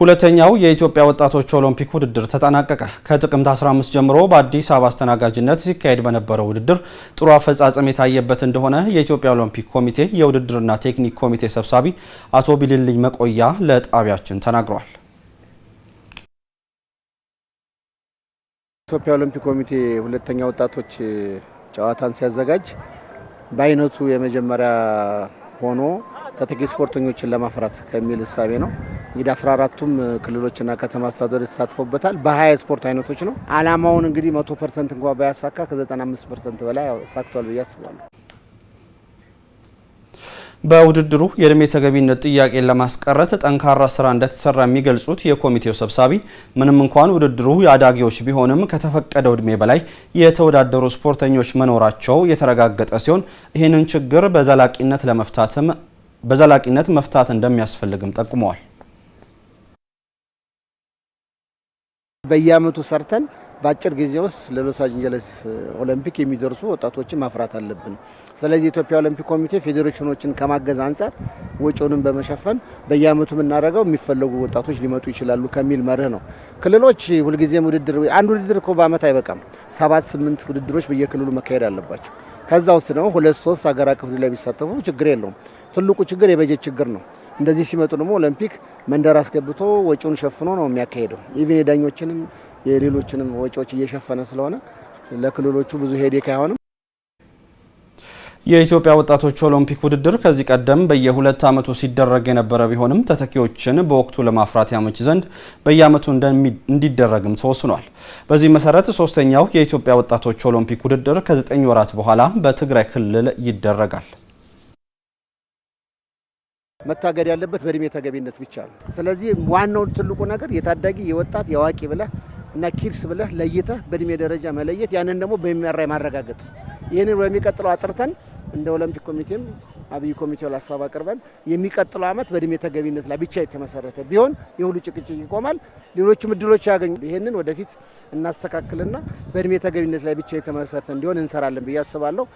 ሁለተኛው የኢትዮጵያ ወጣቶች ኦሎምፒክ ውድድር ተጠናቀቀ። ከጥቅምት 15 ጀምሮ በአዲስ አበባ አስተናጋጅነት ሲካሄድ በነበረው ውድድር ጥሩ አፈጻጸም የታየበት እንደሆነ የኢትዮጵያ ኦሎምፒክ ኮሚቴ የውድድርና ቴክኒክ ኮሚቴ ሰብሳቢ አቶ ቢልልኝ መቆያ ለጣቢያችን ተናግረዋል። ኢትዮጵያ ኦሎምፒክ ኮሚቴ ሁለተኛ ወጣቶች ጨዋታን ሲያዘጋጅ በአይነቱ የመጀመሪያ ሆኖ ተተኪ ስፖርተኞችን ለማፍራት ከሚል እሳቤ ነው እንግዲህ 14ቱም ክልሎችና ከተማ አስተዳደሮች ተሳትፎበታል። በሀያ ስፖርት አይነቶች ነው። አላማውን እንግዲህ መቶ ፐርሰንት እንኳ ባያሳካ ከ95 ፐርሰንት በላይ አሳክቷል ብዬ አስባለሁ። በውድድሩ የእድሜ ተገቢነት ጥያቄን ለማስቀረት ጠንካራ ስራ እንደተሰራ የሚገልጹት የኮሚቴው ሰብሳቢ ምንም እንኳን ውድድሩ የአዳጊዎች ቢሆንም ከተፈቀደው እድሜ በላይ የተወዳደሩ ስፖርተኞች መኖራቸው የተረጋገጠ ሲሆን ይህንን ችግር በዘላቂነት ለመፍታትም በዘላቂነት መፍታት እንደሚያስፈልግም ጠቁመዋል። በየአመቱ ሰርተን በአጭር ጊዜ ውስጥ ለሎስ አንጀለስ ኦሎምፒክ የሚደርሱ ወጣቶችን ማፍራት አለብን። ስለዚህ የኢትዮጵያ ኦሎምፒክ ኮሚቴ ፌዴሬሽኖችን ከማገዝ አንጻር ወጪውንም በመሸፈን በየአመቱ የምናደርገው የሚፈለጉ ወጣቶች ሊመጡ ይችላሉ ከሚል መርህ ነው። ክልሎች ሁልጊዜም ውድድር አንድ ውድድር እኮ በአመት አይበቃም። ሰባት ስምንት ውድድሮች በየክልሉ መካሄድ አለባቸው። ከዛ ውስጥ ደግሞ ሁለት ሶስት ሀገር አቀፍ ላይ ቢሳተፉ ችግር የለውም። ትልቁ ችግር የበጀት ችግር ነው። እንደዚህ ሲመጡ ደግሞ ኦሎምፒክ መንደር አስገብቶ ወጪውን ሸፍኖ ነው የሚያካሄደው። ኢቭን የዳኞችንም የሌሎችንም ወጪዎች እየሸፈነ ስለሆነ ለክልሎቹ ብዙ ሄዴክ አይሆንም። የኢትዮጵያ ወጣቶች ኦሎምፒክ ውድድር ከዚህ ቀደም በየሁለት ዓመቱ ሲደረግ የነበረ ቢሆንም ተተኪዎችን በወቅቱ ለማፍራት ያመች ዘንድ በየዓመቱ እንዲደረግም ተወስኗል። በዚህ መሰረት ሶስተኛው የኢትዮጵያ ወጣቶች ኦሎምፒክ ውድድር ከዘጠኝ ወራት በኋላ በትግራይ ክልል ይደረጋል። መታገድ ያለበት በእድሜ ተገቢነት ብቻ ነው። ስለዚህ ዋናው ትልቁ ነገር የታዳጊ የወጣት የአዋቂ ብለህ እና ኪድስ ብለህ ለይተህ በእድሜ ደረጃ መለየት፣ ያንን ደግሞ በሚመራ ማረጋገጥ። ይህንን በሚቀጥለው አጥርተን እንደ ኦሎምፒክ ኮሚቴም አብይ ኮሚቴው ለሀሳብ አቅርበን የሚቀጥለው ዓመት በእድሜ ተገቢነት ላይ ብቻ የተመሰረተ ቢሆን የሁሉ ጭቅጭቅ ይቆማል፣ ሌሎችም እድሎች ያገኙ። ይህንን ወደፊት እናስተካክልና በእድሜ ተገቢነት ላይ ብቻ የተመሰረተ እንዲሆን እንሰራለን ብዬ አስባለሁ።